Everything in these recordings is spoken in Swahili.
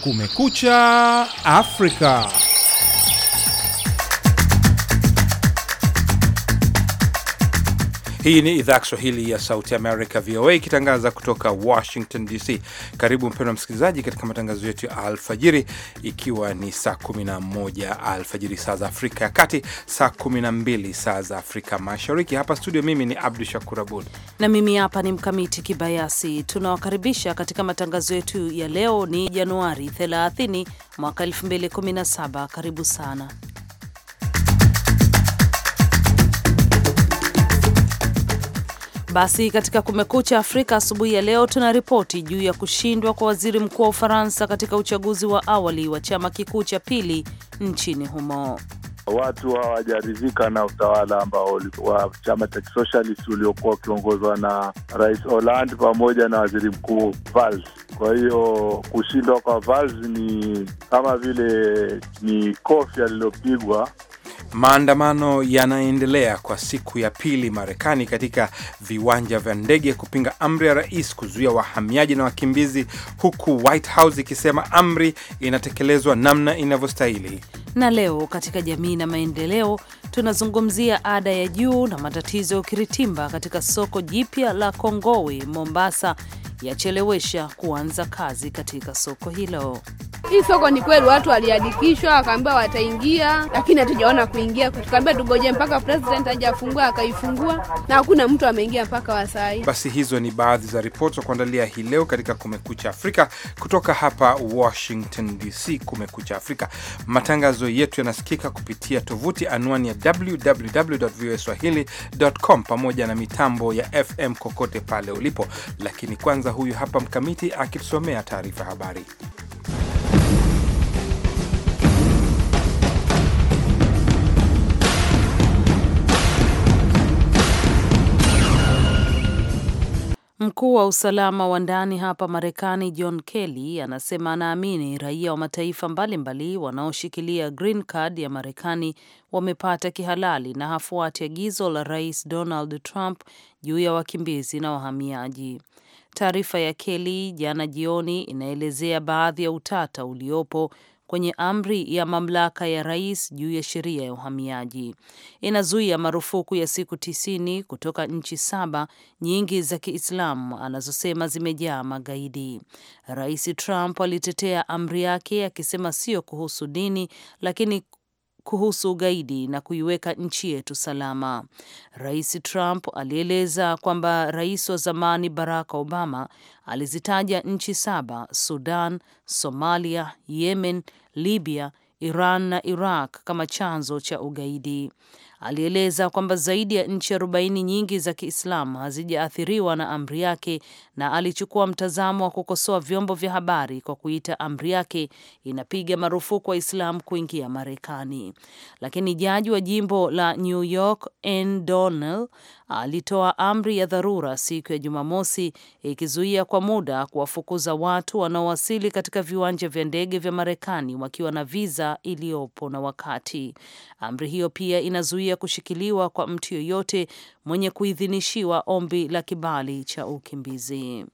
Kumekucha Afrika. Hii ni idhaa Kiswahili ya Sauti Amerika, VOA, ikitangaza kutoka Washington DC. Karibu mpendwa msikilizaji, katika matangazo yetu ya alfajiri, ikiwa ni saa 11 alfajiri saa za Afrika ya Kati, saa 12 saa za Afrika Mashariki. Hapa studio, mimi ni Abdu Shakur Abud na mimi hapa ni Mkamiti Kibayasi. Tunawakaribisha katika matangazo yetu ya leo, ni Januari 30 mwaka 2017. Karibu sana Basi katika Kumekucha Afrika asubuhi ya leo tuna ripoti juu ya kushindwa kwa waziri mkuu wa Ufaransa katika uchaguzi wa awali wa chama kikuu cha pili nchini humo. Watu hawajaridhika na utawala ambao wa chama cha kisosialisti uliokuwa ukiongozwa na Rais Hollande pamoja na waziri mkuu Valls. Kwa hiyo kushindwa kwa Valls ni kama vile ni kofi alilopigwa Maandamano yanaendelea kwa siku ya pili Marekani katika viwanja vya ndege kupinga amri ya rais kuzuia wahamiaji na wakimbizi, huku White House ikisema amri inatekelezwa namna inavyostahili. Na leo katika jamii na maendeleo, tunazungumzia ada ya juu na matatizo ya ukiritimba katika soko jipya la Kongowe Mombasa yachelewesha kuanza kazi katika soko hilo. Hii soko ni kweli, watu waliandikishwa wakaambiwa wataingia, lakini hatujaona kuingia. Tukaambia tugoje mpaka president aje afungua, akaifungua na hakuna mtu ameingia mpaka wasai. Basi hizo ni baadhi za ripoti za kuandalia hii leo katika Kumekucha Afrika kutoka hapa Washington DC. Kumekucha Afrika, matangazo yetu yanasikika kupitia tovuti anwani ya www.voaswahili.com pamoja na mitambo ya FM kokote pale ulipo. Lakini kwanza, huyu hapa Mkamiti akitusomea taarifa habari. Mkuu wa usalama wa ndani hapa Marekani John Kelly anasema anaamini raia wa mataifa mbalimbali wanaoshikilia green card ya Marekani wamepata kihalali na hafuati agizo la Rais Donald Trump juu ya wakimbizi na wahamiaji. Taarifa ya Kelly jana jioni inaelezea baadhi ya utata uliopo kwenye amri ya mamlaka ya rais juu ya sheria ya uhamiaji. Inazuia marufuku ya siku tisini kutoka nchi saba, nyingi za Kiislamu anazosema zimejaa magaidi. Rais Trump alitetea amri yake akisema sio kuhusu dini, lakini kuhusu ugaidi na kuiweka nchi yetu salama. Rais Trump alieleza kwamba rais wa zamani Barack Obama alizitaja nchi saba: Sudan, Somalia, Yemen, Libya, Iran na Iraq kama chanzo cha ugaidi alieleza kwamba zaidi ya nchi arobaini nyingi za Kiislamu hazijaathiriwa na amri yake, na alichukua mtazamo wa kukosoa vyombo vya habari kwa kuita amri yake inapiga marufuku Waislamu kuingia Marekani. Lakini jaji wa jimbo la New York N Donnell alitoa amri ya dharura siku ya Jumamosi ikizuia kwa muda kuwafukuza watu wanaowasili katika viwanja vya ndege vya Marekani wakiwa na viza iliyopo na wakati. Amri hiyo pia inazuia kushikiliwa kwa mtu yoyote mwenye kuidhinishiwa ombi la kibali cha ukimbizi.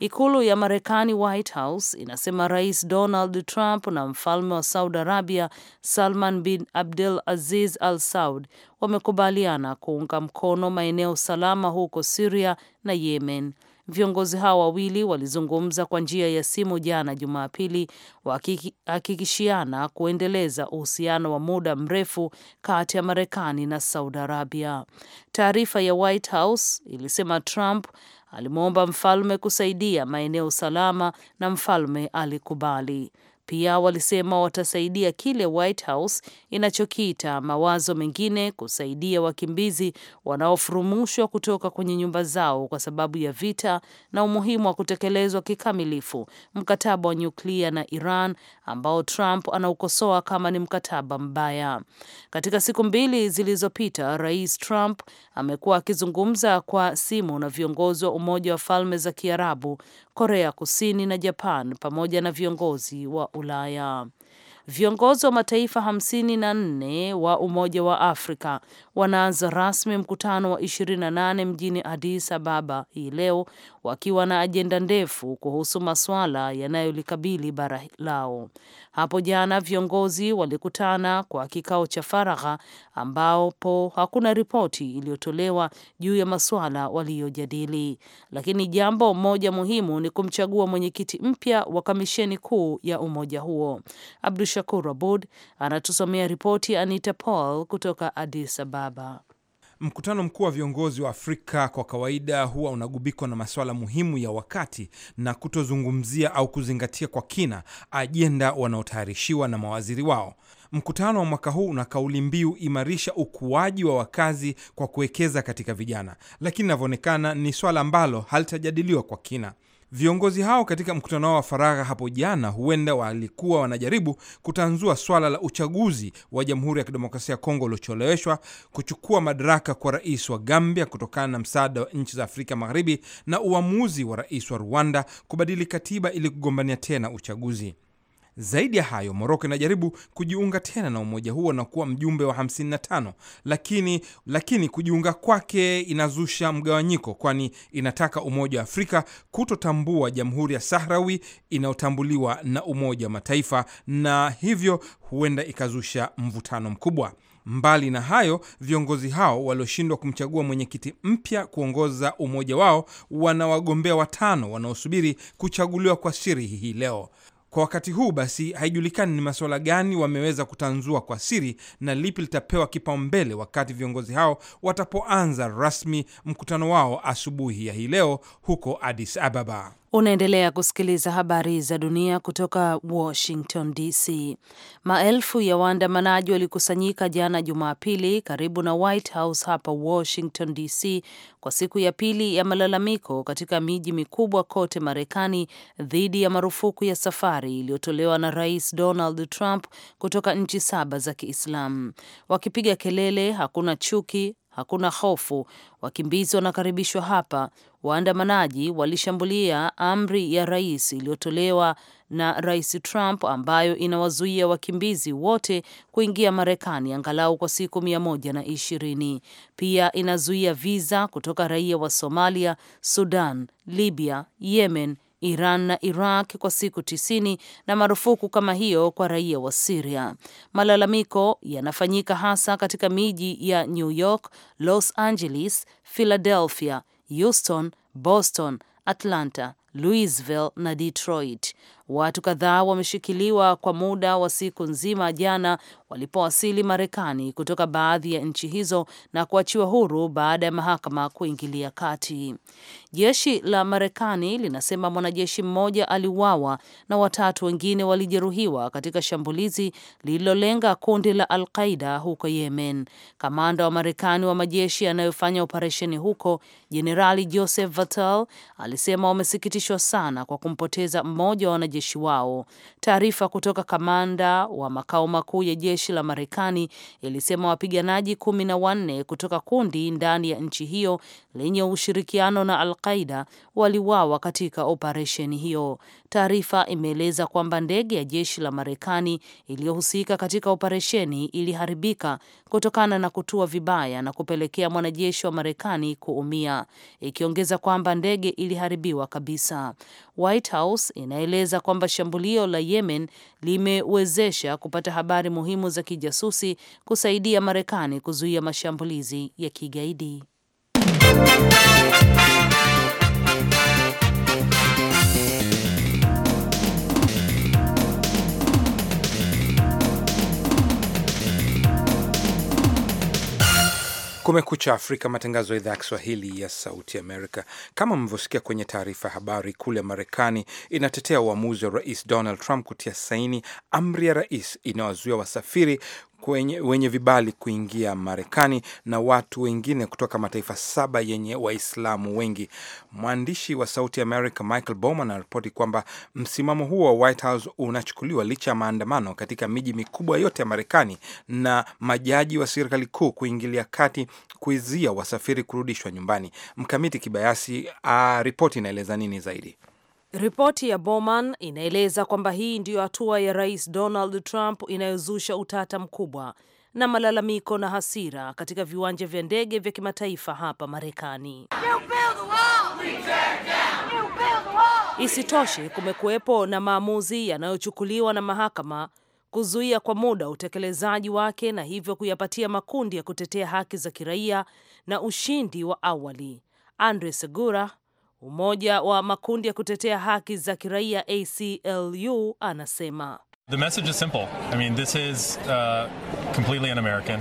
Ikulu ya Marekani, White House, inasema Rais Donald Trump na mfalme wa Saudi Arabia Salman bin Abdul Aziz Al Saud wamekubaliana kuunga mkono maeneo salama huko Siria na Yemen. Viongozi hao wawili walizungumza kwa njia ya simu jana Jumapili, wakihakikishiana kuendeleza uhusiano wa muda mrefu kati ya Marekani na Saudi Arabia. Taarifa ya White House ilisema Trump alimwomba mfalme kusaidia maeneo salama na mfalme alikubali. Pia walisema watasaidia kile White House inachokiita mawazo mengine kusaidia wakimbizi wanaofurumushwa kutoka kwenye nyumba zao kwa sababu ya vita na umuhimu wa kutekelezwa kikamilifu mkataba wa nyuklia na Iran ambao Trump anaukosoa kama ni mkataba mbaya. Katika siku mbili zilizopita, Rais Trump amekuwa akizungumza kwa simu na viongozi wa Umoja wa Falme za Kiarabu, Korea Kusini na Japan pamoja na viongozi wa Ulaya. Viongozi wa mataifa hamsini na nne wa Umoja wa Afrika wanaanza rasmi mkutano wa 28 mjini Addis Ababa hii leo wakiwa na ajenda ndefu kuhusu masuala yanayolikabili bara lao. Hapo jana viongozi walikutana kwa kikao cha faragha ambapo hakuna ripoti iliyotolewa juu ya masuala waliyojadili, lakini jambo moja muhimu ni kumchagua mwenyekiti mpya wa kamisheni kuu ya umoja huo. Abdu Shakur Abud anatusomea ripoti Anita Paul kutoka Addis Ababa. Mkutano mkuu wa viongozi wa Afrika kwa kawaida huwa unagubikwa na masuala muhimu ya wakati na kutozungumzia au kuzingatia kwa kina ajenda wanaotayarishiwa na mawaziri wao. Mkutano wa mwaka huu una kauli mbiu imarisha ukuaji wa wakazi kwa kuwekeza katika vijana, lakini inavyoonekana ni swala ambalo halitajadiliwa kwa kina. Viongozi hao katika mkutano wao wa faragha hapo jana, huenda walikuwa wanajaribu kutanzua swala la uchaguzi wa Jamhuri ya Kidemokrasia ya Kongo uliocheleweshwa kuchukua madaraka kwa rais wa Gambia kutokana na msaada wa nchi za Afrika Magharibi na uamuzi wa rais wa Rwanda kubadili katiba ili kugombania tena uchaguzi. Zaidi ya hayo, Moroko inajaribu kujiunga tena na umoja huo na kuwa mjumbe wa 55, lakini lakini kujiunga kwake inazusha mgawanyiko, kwani inataka Umoja wa Afrika kutotambua Jamhuri ya Sahrawi inayotambuliwa na Umoja wa Mataifa, na hivyo huenda ikazusha mvutano mkubwa. Mbali na hayo, viongozi hao walioshindwa kumchagua mwenyekiti mpya kuongoza umoja wao wana wagombea watano wanaosubiri kuchaguliwa kwa siri hii leo. Kwa wakati huu basi, haijulikani ni masuala gani wameweza kutanzua kwa siri na lipi litapewa kipaumbele wakati viongozi hao watapoanza rasmi mkutano wao asubuhi ya hii leo huko Addis Ababa. Unaendelea kusikiliza habari za dunia kutoka Washington DC. Maelfu ya waandamanaji walikusanyika jana Jumapili karibu na White House hapa Washington DC kwa siku ya pili ya malalamiko katika miji mikubwa kote Marekani dhidi ya marufuku ya safari iliyotolewa na Rais Donald Trump kutoka nchi saba za Kiislamu, wakipiga kelele hakuna chuki, Hakuna hofu, wakimbizi wanakaribishwa hapa. Waandamanaji walishambulia amri ya rais iliyotolewa na Rais Trump ambayo inawazuia wakimbizi wote kuingia Marekani angalau kwa siku mia moja na ishirini. Pia inazuia viza kutoka raia wa Somalia, Sudan, Libya, Yemen Iran na Iraq kwa siku tisini na marufuku kama hiyo kwa raia wa Siria. Malalamiko yanafanyika hasa katika miji ya New York, Los Angeles, Philadelphia, Houston, Boston, Atlanta, Louisville na Detroit. Watu kadhaa wameshikiliwa kwa muda wa siku nzima jana walipowasili Marekani kutoka baadhi ya nchi hizo na kuachiwa huru baada ya mahakama kuingilia kati. Jeshi la Marekani linasema mwanajeshi mmoja aliuawa na watatu wengine walijeruhiwa katika shambulizi lililolenga kundi la Al-Qaida huko Yemen. Kamanda wa Marekani wa majeshi yanayofanya operesheni huko, Jenerali Joseph Vatel alisema wamesikitishwa sana kwa kumpoteza mmoja wa wanajeshi wao. Taarifa kutoka kamanda wa makao makuu ya jeshi la Marekani ilisema wapiganaji kumi na wanne kutoka kundi ndani ya nchi hiyo lenye ushirikiano na Al-Qaida waliwawa katika operesheni hiyo. Taarifa imeeleza kwamba ndege ya jeshi la Marekani iliyohusika katika operesheni iliharibika kutokana na kutua vibaya na kupelekea mwanajeshi wa Marekani kuumia, ikiongeza kwamba ndege iliharibiwa kabisa. White House inaeleza kwamba shambulio la Yemen limewezesha kupata habari muhimu za kijasusi kusaidia Marekani kuzuia mashambulizi ya kigaidi. Kumekucha Afrika, matangazo ya idhaa ya Kiswahili ya Sauti Amerika. Kama mlivyosikia kwenye taarifa ya habari, kule Marekani inatetea uamuzi wa Rais Donald Trump kutia saini amri ya rais inayozuia wasafiri kwenye, wenye vibali kuingia Marekani na watu wengine kutoka mataifa saba yenye Waislamu wengi. Mwandishi wa Sauti America Michael Bowman anaripoti kwamba msimamo huo wa White House unachukuliwa licha ya maandamano katika miji mikubwa yote ya Marekani na majaji wa serikali kuu kuingilia kati kuizia wasafiri kurudishwa nyumbani. Mkamiti Kibayasi aripoti, ah, inaeleza nini zaidi? Ripoti ya Bowman inaeleza kwamba hii ndiyo hatua ya Rais Donald Trump inayozusha utata mkubwa na malalamiko na hasira katika viwanja vya ndege vya kimataifa hapa Marekani. Isitoshe, kumekuwepo na maamuzi yanayochukuliwa na mahakama kuzuia kwa muda utekelezaji wake na hivyo kuyapatia makundi ya kutetea haki za kiraia na ushindi wa awali. Andre Segura Umoja wa makundi ya kutetea haki za kiraia ACLU anasema The message is simple. I mean, this is, uh, completely un-American.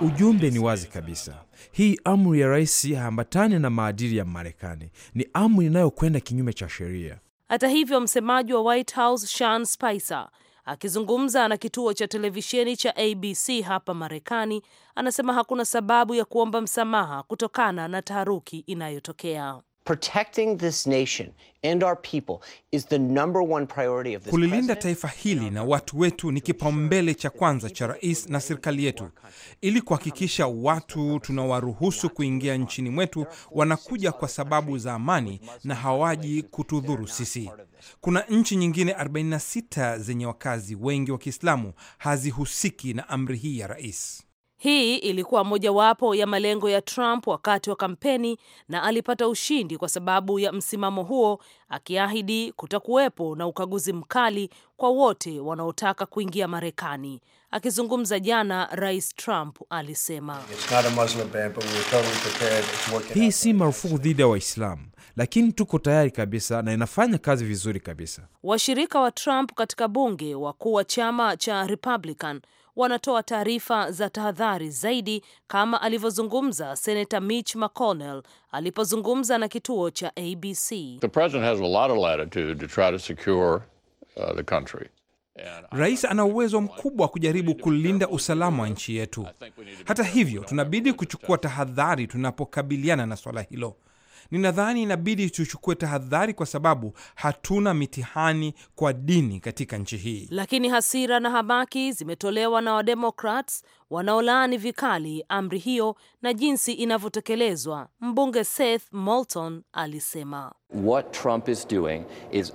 Ujumbe ni wazi kabisa. Hii amri ya rais haambatani na maadili ya Marekani, ni amri inayokwenda kinyume cha sheria. Hata hivyo, msemaji wa White House Sean Spicer akizungumza na kituo cha televisheni cha ABC hapa Marekani anasema hakuna sababu ya kuomba msamaha kutokana na taharuki inayotokea. Protecting this nation and our people is the number one priority of this. Kulilinda taifa hili na watu wetu ni kipaumbele cha kwanza cha rais na serikali yetu, ili kuhakikisha watu tunawaruhusu kuingia nchini mwetu wanakuja kwa sababu za amani na hawaji kutudhuru sisi. Kuna nchi nyingine 46 zenye wakazi wengi wa Kiislamu hazihusiki na amri hii ya rais. Hii ilikuwa mojawapo ya malengo ya Trump wakati wa kampeni na alipata ushindi kwa sababu ya msimamo huo, akiahidi kutakuwepo na ukaguzi mkali kwa wote wanaotaka kuingia Marekani. Akizungumza jana, Rais Trump alisema hii si marufuku dhidi ya Waislamu, lakini tuko tayari kabisa na inafanya kazi vizuri kabisa. Washirika wa Trump katika bunge, wakuu wa chama cha Republican wanatoa taarifa za tahadhari zaidi, kama alivyozungumza Senata Mitch McConnell alipozungumza na kituo cha ABC. Uh, Rais ana uwezo mkubwa wa kujaribu kulinda usalama wa nchi yetu. Hata hivyo, tunabidi kuchukua tahadhari tunapokabiliana na swala hilo ninadhani inabidi tuchukue tahadhari, kwa sababu hatuna mitihani kwa dini katika nchi hii. Lakini hasira na hamaki zimetolewa na Wademokrats wanaolaani vikali amri hiyo na jinsi inavyotekelezwa. Mbunge Seth molton alisema What Trump is doing is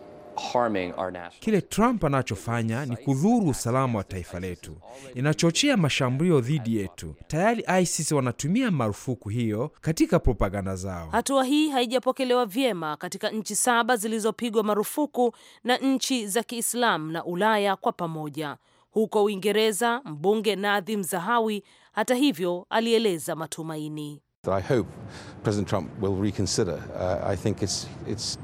Kile Trump anachofanya ni kudhuru usalama wa taifa letu, inachochea mashambulio dhidi yetu. Tayari ISIS wanatumia marufuku hiyo katika propaganda zao. Hatua hii haijapokelewa vyema katika nchi saba zilizopigwa marufuku na nchi za Kiislamu na Ulaya kwa pamoja. Huko Uingereza, mbunge Nadhim Zahawi hata hivyo alieleza matumaini that I hope President Trump will reconsider. Uh, I think it's, it's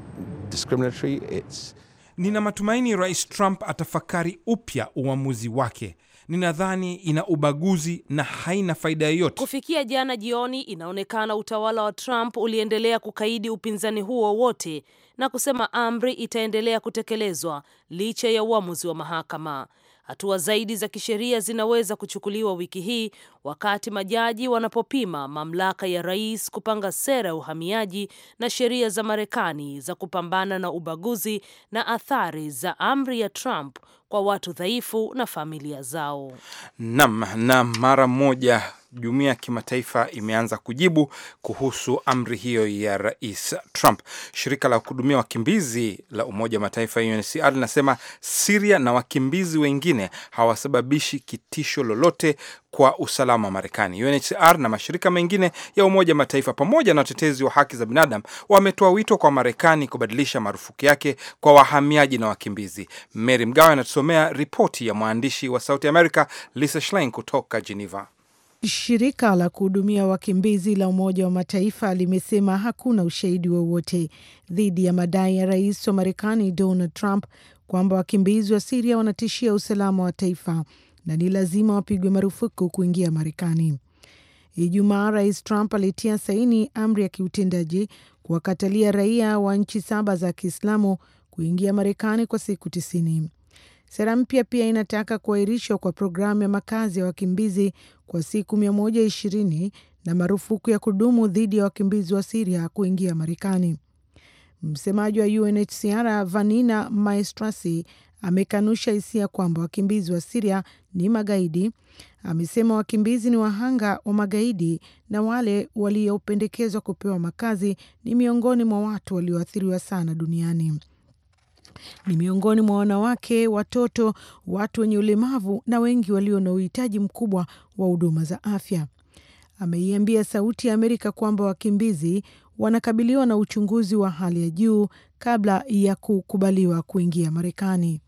discriminatory, it's... Nina matumaini Rais Trump atafakari upya uamuzi wake. Ninadhani ina ubaguzi na haina faida yoyote. Kufikia jana jioni, inaonekana utawala wa Trump uliendelea kukaidi upinzani huo wote na kusema amri itaendelea kutekelezwa licha ya uamuzi wa mahakama. Hatua zaidi za kisheria zinaweza kuchukuliwa wiki hii wakati majaji wanapopima mamlaka ya rais kupanga sera ya uhamiaji na sheria za Marekani za kupambana na ubaguzi na athari za amri ya Trump kwa watu dhaifu na familia zao. Naam, na mara moja jumuiya ya kimataifa imeanza kujibu kuhusu amri hiyo ya Rais Trump. Shirika la kuhudumia wakimbizi la Umoja wa Mataifa UNHCR linasema Siria na wakimbizi wengine hawasababishi kitisho lolote kwa usalama wa Marekani. UNHCR na mashirika mengine ya Umoja wa Mataifa pamoja na watetezi wa haki za binadamu wametoa wito kwa Marekani kubadilisha marufuku yake kwa wahamiaji na wakimbizi. Mary Mgawe anatusomea ripoti ya mwandishi wa Sauti Amerika Lisa Schlein kutoka Geneva. Shirika la kuhudumia wakimbizi la Umoja wa Mataifa limesema hakuna ushahidi wowote dhidi ya madai ya rais wa Marekani Donald Trump kwamba wakimbizi wa Siria wanatishia usalama wa taifa na ni lazima wapigwe marufuku kuingia Marekani. Ijumaa, Rais Trump alitia saini amri ya kiutendaji kuwakatalia raia wa nchi saba za Kiislamu kuingia Marekani kwa siku tisini. Sera mpya pia inataka kuahirishwa kwa programu ya makazi ya wakimbizi kwa siku 120 na marufuku ya kudumu dhidi ya wakimbizi wa Siria kuingia Marekani. Msemaji wa UNHCR Vanina Maestrasi amekanusha hisia kwamba wakimbizi wa Siria ni magaidi. Amesema wakimbizi ni wahanga wa magaidi na wale waliopendekezwa kupewa makazi ni miongoni mwa watu walioathiriwa sana duniani ni miongoni mwa wanawake, watoto, watu wenye ulemavu na wengi walio na uhitaji mkubwa wa huduma za afya. Ameiambia Sauti ya Amerika kwamba wakimbizi wanakabiliwa na uchunguzi wa hali ya juu kabla ya kukubaliwa kuingia Marekani.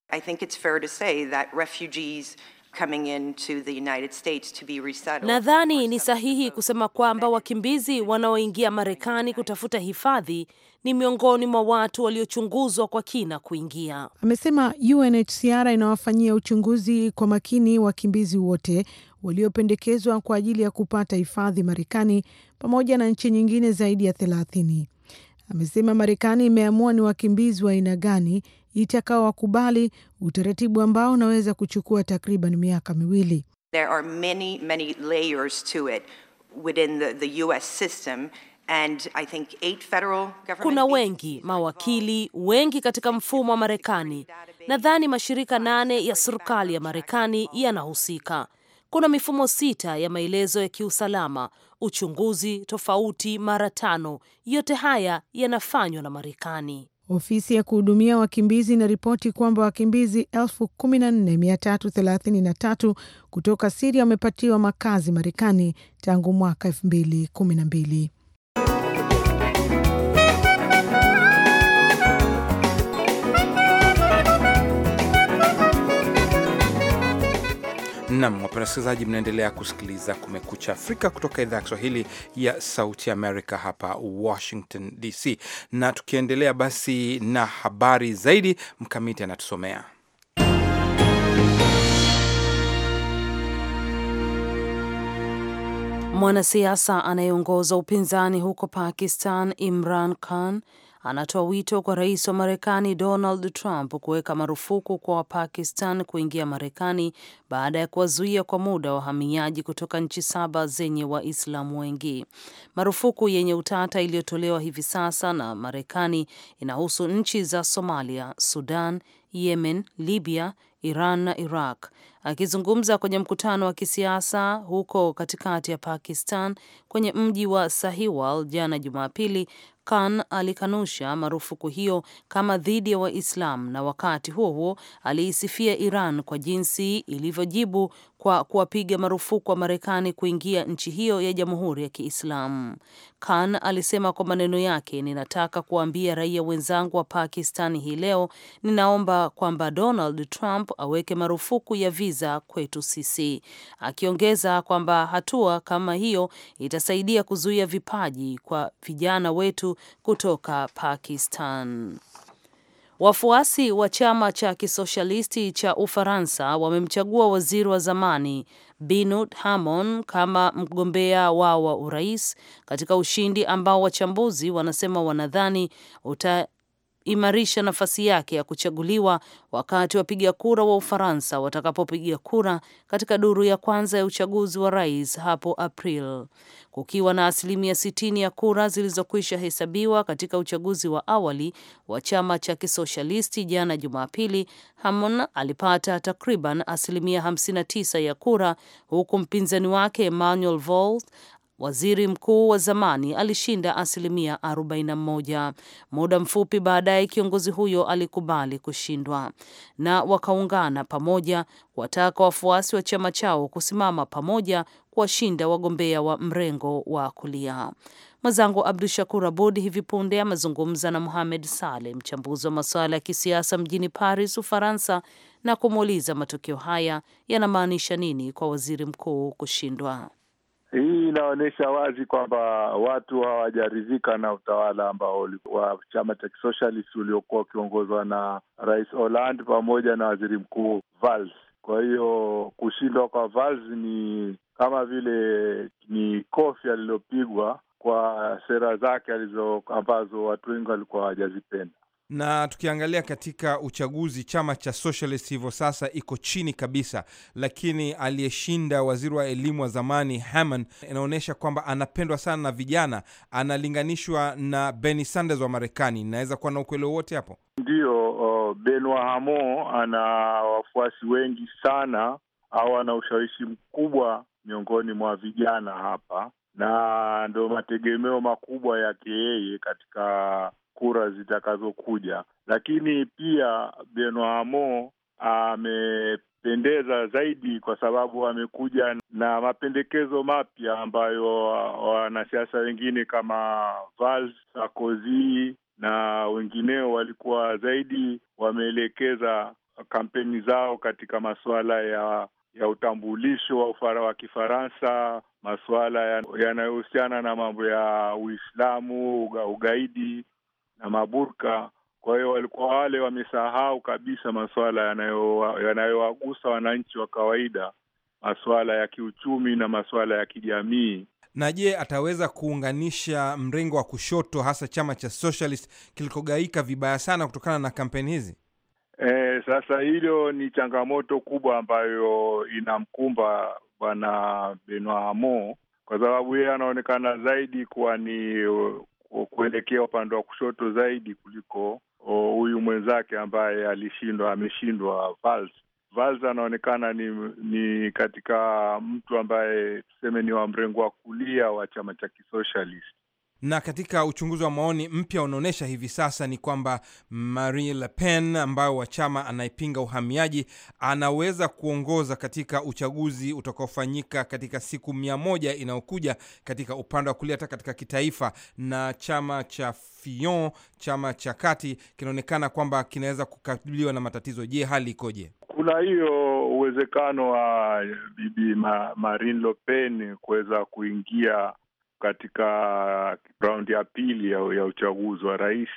Nadhani ni sahihi kusema kwamba wakimbizi wanaoingia Marekani kutafuta hifadhi ni miongoni mwa watu waliochunguzwa kwa kina kuingia. Amesema UNHCR inawafanyia uchunguzi kwa makini wakimbizi wote waliopendekezwa kwa ajili ya kupata hifadhi Marekani pamoja na nchi nyingine zaidi ya thelathini. Amesema Marekani imeamua ni wakimbizi wa aina gani itakaowakubali utaratibu ambao unaweza kuchukua takriban miaka miwili. There are many, many layers to it within the, the US system. And I think eight federal government... kuna wengi mawakili wengi katika mfumo wa Marekani. Nadhani mashirika nane ya serikali ya Marekani yanahusika. Kuna mifumo sita ya maelezo ya kiusalama, uchunguzi tofauti mara tano. Yote haya yanafanywa na Marekani. Ofisi ya kuhudumia wakimbizi inaripoti kwamba wakimbizi 14333 kutoka Siria wamepatiwa makazi Marekani tangu mwaka 2012. Nam, wapenda wasikilizaji, mnaendelea kusikiliza Kumekucha Afrika kutoka idhaa ya Kiswahili ya Sauti Amerika hapa Washington DC, na tukiendelea basi na habari zaidi, Mkamiti anatusomea. Mwanasiasa anayeongoza upinzani huko Pakistan Imran Khan anatoa wito kwa rais wa Marekani Donald Trump kuweka marufuku kwa Wapakistan kuingia Marekani baada ya kuwazuia kwa muda wahamiaji kutoka nchi saba zenye Waislamu wengi. Marufuku yenye utata iliyotolewa hivi sasa na Marekani inahusu nchi za Somalia, Sudan, Yemen, Libya, Iran na Iraq. Akizungumza kwenye mkutano wa kisiasa huko katikati ya Pakistan kwenye mji wa Sahiwal jana Jumapili, Khan alikanusha marufuku hiyo kama dhidi ya waislam na wakati huo huo aliisifia Iran kwa jinsi ilivyojibu kwa kuwapiga marufuku wa Marekani kuingia nchi hiyo ya Jamhuri ya Kiislamu. Khan alisema kwa maneno yake, ninataka kuwaambia raia wenzangu wa Pakistan hii leo, ninaomba kwamba Donald Trump aweke marufuku ya viza kwetu sisi, akiongeza kwamba hatua kama hiyo itasaidia kuzuia vipaji kwa vijana wetu kutoka Pakistan. Wafuasi wa chama cha kisoshalisti cha Ufaransa wamemchagua waziri wa zamani Binut Hamon kama mgombea wao wa urais katika ushindi ambao wachambuzi wanasema wanadhani uta kuimarisha nafasi yake ya kuchaguliwa wakati wapiga kura wa Ufaransa watakapopiga kura katika duru ya kwanza ya uchaguzi wa rais hapo April. Kukiwa na asilimia 60 ya kura zilizokwisha hesabiwa katika uchaguzi wa awali wa chama cha kisoshalisti jana Jumapili, Hamon alipata takriban asilimia 59 ya kura huku mpinzani wake Emmanuel Valls Waziri mkuu wa zamani alishinda asilimia 41. Muda mfupi baadaye kiongozi huyo alikubali kushindwa na wakaungana pamoja kuwataka wafuasi wa chama chao kusimama pamoja kuwashinda wagombea wa mrengo wa kulia. Mwenzangu Abdu Shakur Abud hivi punde amezungumza na muhamed Saleh, mchambuzi wa masuala ya kisiasa mjini Paris, Ufaransa, na kumuuliza matokeo haya yanamaanisha nini kwa waziri mkuu kushindwa. Hii inaonyesha wazi kwamba watu hawajaridhika na utawala ambao wa chama cha kisosialist uliokuwa ukiongozwa na Rais Hollande pamoja na waziri mkuu Valls. Kwa hiyo kushindwa kwa Valls ni kama vile ni kofi alilopigwa kwa sera zake alizo ambazo watu wengi walikuwa hawajazipenda. Na tukiangalia katika uchaguzi, chama cha Socialist hivyo sasa iko chini kabisa, lakini aliyeshinda waziri wa elimu wa zamani Hammond, inaonyesha kwamba anapendwa sana na vijana, analinganishwa na beni Sanders wa Marekani. Inaweza kuwa na ukweli wowote hapo? Ndiyo, uh, Benoit Hamon ana wafuasi wengi sana au ana ushawishi mkubwa miongoni mwa vijana hapa na ndo mategemeo makubwa yake yeye katika kura zitakazokuja. Lakini pia Benoit Hamon amependeza zaidi kwa sababu amekuja na mapendekezo mapya ambayo wanasiasa wengine kama Valls, Sarkozy na wengineo walikuwa zaidi wameelekeza kampeni zao katika masuala ya ya utambulisho wa ufara wa Kifaransa, masuala yanayohusiana na mambo ya Uislamu, ugaidi na maburka. Kwa hiyo walikuwa wale wamesahau kabisa masuala yanayowagusa wananchi wa kawaida, masuala ya kiuchumi na masuala ya kijamii. Na je, ataweza kuunganisha mrengo wa kushoto, hasa chama cha Socialist kilikogaika vibaya sana kutokana na kampeni hizi? E, sasa hilo ni changamoto kubwa ambayo inamkumba bwana Benoit Hamon kwa sababu yeye anaonekana zaidi kuwa ni uh, kuelekea upande wa kushoto zaidi kuliko uh, huyu mwenzake ambaye alishindwa ameshindwa Valls. Valls anaonekana ni, ni katika mtu ambaye tuseme ni wa mrengo wa kulia wa chama cha kisocialist na katika uchunguzi wa maoni mpya unaonyesha hivi sasa ni kwamba Marine Le Pen ambayo wa chama anayepinga uhamiaji anaweza kuongoza katika uchaguzi utakaofanyika katika siku mia moja inayokuja katika upande wa kulia, hata katika kitaifa, na chama cha Fillon, chama cha kati kinaonekana kwamba kinaweza kukabiliwa na matatizo. Je, hali ikoje? Kuna hiyo uwezekano wa bibi Marine Le Pen kuweza kuingia katika raundi ya pili ya, ya uchaguzi wa rais,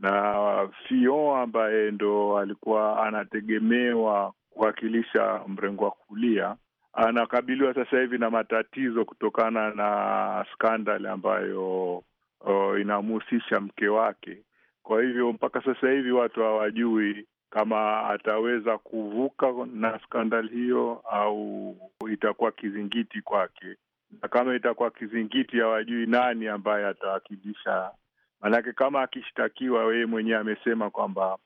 na fion e ambaye ndo alikuwa anategemewa kuwakilisha mrengo wa kulia anakabiliwa sasa hivi na matatizo kutokana na skandal ambayo uh, inamhusisha mke wake. Kwa hivyo mpaka sasa hivi watu hawajui kama ataweza kuvuka na skandal hiyo au itakuwa kizingiti kwake na kama itakuwa kizingiti, hawajui nani ambaye atawakilisha. Maanake kama akishtakiwa, yeye mwenyewe amesema kwamba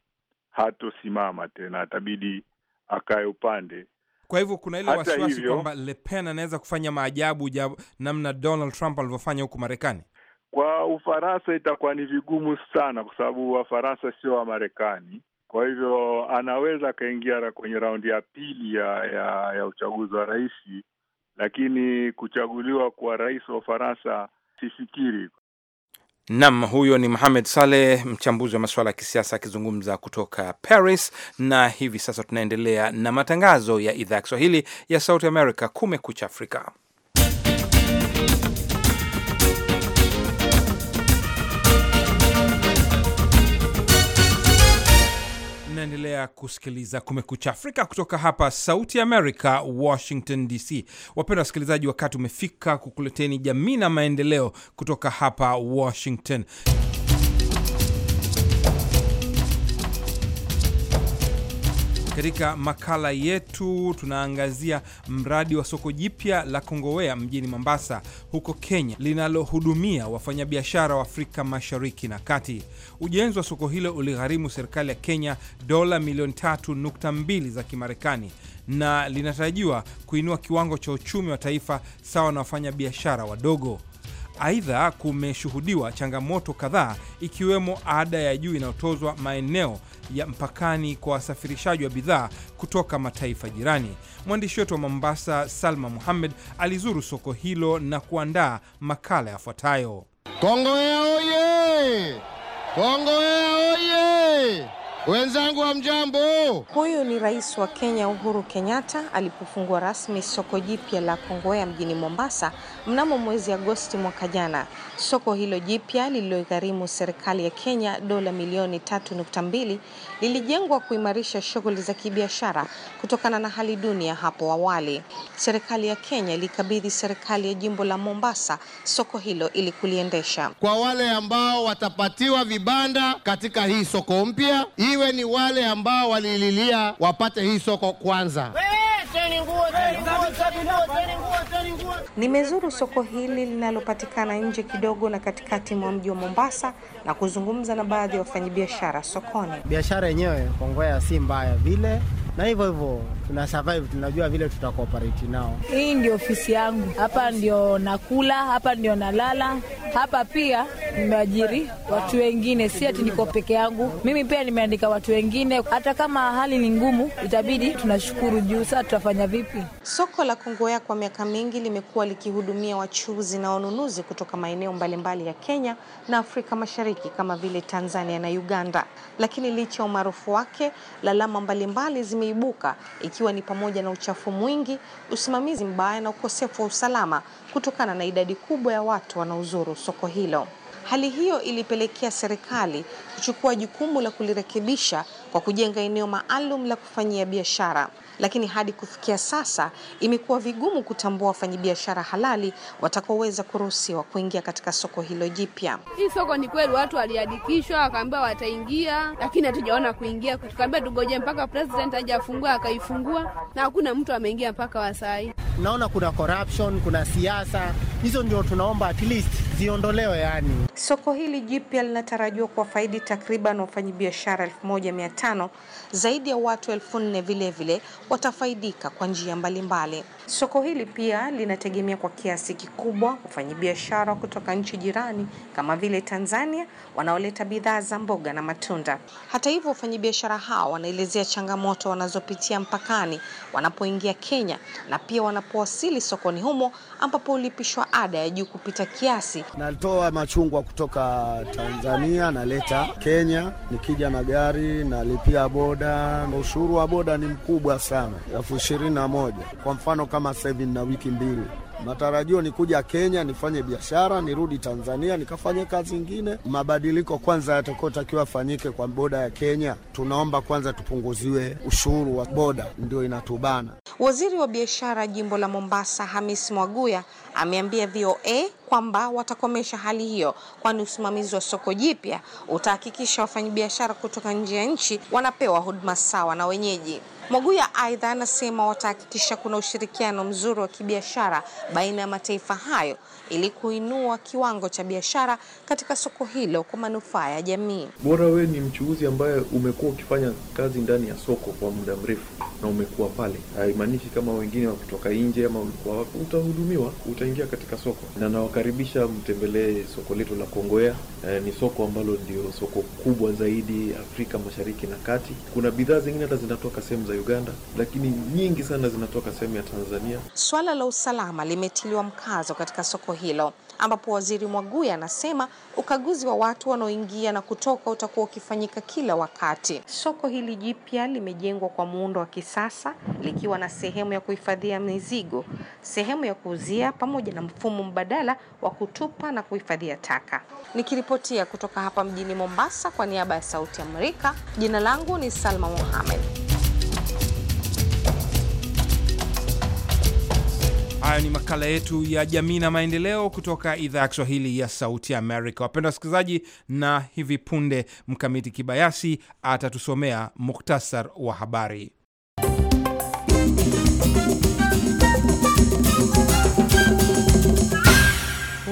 hatosimama tena, atabidi akae upande. Kwa hivyo kuna ile wasiwasi kwamba Le Pen anaweza kufanya maajabu ja namna Donald Trump alivyofanya huku Marekani. Kwa Ufaransa itakuwa ni vigumu sana, kwa sababu Wafaransa sio wa Marekani. Kwa hivyo anaweza akaingia kwenye raundi ya pili ya, ya, ya uchaguzi wa rais lakini kuchaguliwa kwa rais wa Ufaransa sifikiri. Nam, huyo ni Mohamed Saleh, mchambuzi wa masuala ya kisiasa akizungumza kutoka Paris. Na hivi sasa tunaendelea na matangazo ya idhaa ya Kiswahili ya Sauti america Kumekucha Afrika. unaendelea kusikiliza Kumekucha Afrika kutoka hapa Sauti ya Amerika, Washington DC. Wapenda wasikilizaji, wakati umefika kukuleteni Jamii na Maendeleo kutoka hapa Washington. Katika makala yetu tunaangazia mradi wa soko jipya la Kongowea mjini Mombasa huko Kenya, linalohudumia wafanyabiashara wa Afrika Mashariki na Kati. Ujenzi wa soko hilo uligharimu serikali ya Kenya dola milioni 3.2 za Kimarekani na linatarajiwa kuinua kiwango cha uchumi wa taifa sawa na wafanyabiashara wadogo. Aidha, kumeshuhudiwa changamoto kadhaa ikiwemo ada ya juu inayotozwa maeneo ya mpakani kwa wasafirishaji wa bidhaa kutoka mataifa jirani. Mwandishi wetu wa Mombasa, Salma Muhammed, alizuru soko hilo na kuandaa makala yafuatayo. Kongowea oye! oye! Wenzangu wa mjambo. Huyu ni Rais wa Kenya Uhuru Kenyatta alipofungua rasmi soko jipya la Kongowea mjini Mombasa mnamo mwezi Agosti mwaka jana. Soko hilo jipya lililogharimu serikali ya Kenya dola milioni 3.2 lilijengwa kuimarisha shughuli za kibiashara kutokana na hali duni ya hapo awali. Serikali ya Kenya ilikabidhi serikali ya jimbo la Mombasa soko hilo ili kuliendesha. Kwa wale ambao watapatiwa vibanda katika hii soko mpya, iwe ni wale ambao walililia wapate hii soko kwanza. Hey, Nimezuru soko hili linalopatikana nje kidogo na katikati mwa mji wa Mombasa na kuzungumza na baadhi ya wafanyabiashara sokoni. Biashara yenyewe Kongowea si mbaya vile, na hivyo hivyo tuna survive, tunajua vile tutakooperate nao. Hii ndio ofisi yangu, hapa ndio nakula, hapa ndio nalala, hapa pia nimeajiri watu wengine, si ati niko peke yangu. Mimi pia nimeandika watu wengine. Hata kama hali ni ngumu, itabidi tunashukuru juu. Sasa tutafanya vipi? Soko la Kongowea kwa miaka mingi limekuwa likihudumia wachuuzi na wanunuzi kutoka maeneo mbalimbali ya Kenya na Afrika Mashariki kama vile Tanzania na Uganda, lakini licha ya umaarufu wake, lalama mbalimbali zime yanayoibuka ikiwa ni pamoja na uchafu mwingi, usimamizi mbaya na ukosefu wa usalama kutokana na idadi kubwa ya watu wanaozuru soko hilo. Hali hiyo ilipelekea serikali kuchukua jukumu la kulirekebisha kwa kujenga eneo maalum la kufanyia biashara lakini hadi kufikia sasa imekuwa vigumu kutambua wafanyabiashara halali watakaoweza kuruhusiwa kuingia katika soko hilo jipya. Hii soko ni kweli, watu waliandikishwa wakaambiwa wataingia, lakini hatujaona kuingia, tukaambia tugoje mpaka president aje afungue, akaifungua na hakuna mtu ameingia mpaka wasaa hii. Naona kuna corruption, kuna siasa, hizo ndio tunaomba at least ziondolewe yani. Soko hili jipya linatarajiwa kuwafaidi takriban wafanyabiashara 1500 zaidi ya watu 4000 vilevile watafaidika kwa njia mbalimbali. Soko hili pia linategemea kwa kiasi kikubwa wafanyabiashara kutoka nchi jirani kama vile Tanzania wanaoleta bidhaa za mboga na matunda. Hata hivyo, wafanyabiashara hao wanaelezea changamoto wanazopitia mpakani wanapoingia Kenya na pia wanapowasili sokoni humo ambapo hulipishwa ada ya juu kupita kiasi Natoa machungwa kutoka Tanzania naleta Kenya, nikija na gari nalipia boda. Ushuru wa boda ni mkubwa sana, elfu ishirini na moja kwa mfano. Kama sahivi hivi nina wiki mbili Matarajio ni kuja Kenya nifanye biashara, nirudi Tanzania nikafanye kazi ingine. Mabadiliko kwanza yatakotakiwa afanyike kwa boda ya Kenya, tunaomba kwanza tupunguziwe ushuru wa boda, ndio inatubana. Waziri wa biashara jimbo la Mombasa Hamis Mwaguya ameambia VOA kwamba watakomesha hali hiyo, kwani usimamizi wa soko jipya utahakikisha wafanyabiashara kutoka nje ya nchi wanapewa huduma sawa na wenyeji ya aidha anasema watahakikisha kuna ushirikiano mzuri wa kibiashara baina ya mataifa hayo ili kuinua kiwango cha biashara katika soko hilo kwa manufaa ya jamii. Bora wewe ni mchuuzi ambaye umekuwa ukifanya kazi ndani ya soko kwa muda mrefu na umekuwa pale, haimaanishi kama wengine wakitoka nje ama ulikuwa wapi, utahudumiwa, utaingia katika soko, na nawakaribisha mtembelee soko letu la Kongowea. E, eh, ni soko ambalo ndio soko kubwa zaidi Afrika Mashariki na Kati. Kuna bidhaa zingine hata zinatoka sehemu za Uganda, lakini nyingi sana zinatoka sehemu ya Tanzania. Swala la usalama limetiliwa mkazo katika soko hilo, ambapo Waziri Mwaguya anasema ukaguzi wa watu wanaoingia na kutoka utakuwa ukifanyika kila wakati. Soko hili jipya limejengwa kwa muundo wa kisasa likiwa na sehemu ya kuhifadhia mizigo, sehemu ya kuuzia, pamoja na mfumo mbadala wa kutupa na kuhifadhia taka. Nikiripotia kutoka hapa mjini Mombasa kwa niaba ya Sauti ya Amerika, jina langu ni Salma Mohamed. Hayo ni makala yetu ya jamii na maendeleo kutoka idhaa ya Kiswahili ya Sauti Amerika. wapenda wasikilizaji, na hivi punde Mkamiti Kibayasi atatusomea muktasar wa habari.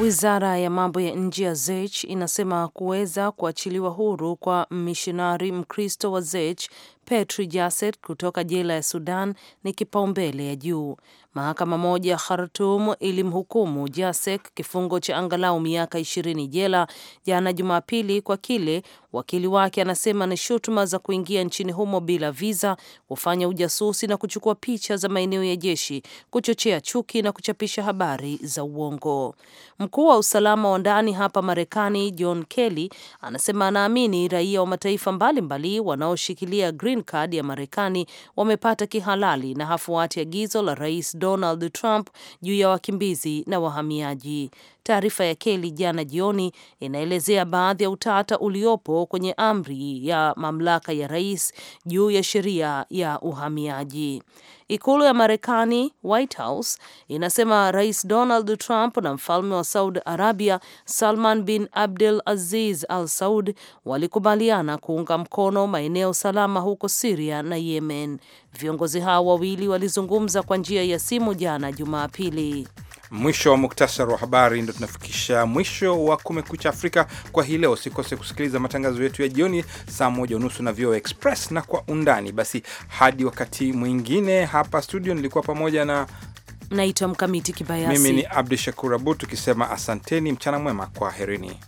Wizara ya mambo ya nje ya Zech inasema kuweza kuachiliwa huru kwa mishonari Mkristo wa Zech Petri Jaset kutoka jela ya Sudan ni kipaumbele ya juu. Mahakama moja Khartum ilimhukumu Jasek kifungo cha angalau miaka ishirini jela jana Jumapili kwa kile wakili wake anasema ni shutuma za kuingia nchini humo bila viza kufanya ujasusi na kuchukua picha za maeneo ya jeshi, kuchochea chuki na kuchapisha habari za uongo. Mkuu wa usalama wa ndani hapa Marekani John Kelly anasema anaamini raia wa mataifa mbalimbali wanaoshikilia green card ya Marekani wamepata kihalali na hafuati agizo la rais Donald Trump juu ya wakimbizi na wahamiaji. Taarifa ya Keli jana jioni inaelezea baadhi ya utata uliopo kwenye amri ya mamlaka ya rais juu ya sheria ya uhamiaji. Ikulu ya Marekani, White House, inasema Rais Donald Trump na mfalme wa Saudi Arabia Salman bin abdul Aziz Al Saud walikubaliana kuunga mkono maeneo salama huko Siria na Yemen. Viongozi hao wawili walizungumza kwa njia ya simu jana Jumapili. Mwisho wa muktasari wa habari, ndo tunafikisha mwisho wa Kumekucha Afrika kwa hii leo. Usikose kusikiliza matangazo yetu ya jioni saa moja unusu na VOA Express na kwa undani. Basi hadi wakati mwingine, hapa studio nilikuwa pamoja na naitwa Mkamiti Kibayasi, mimi ni Abdu Shakur Abud, tukisema asanteni, mchana mwema, kwa herini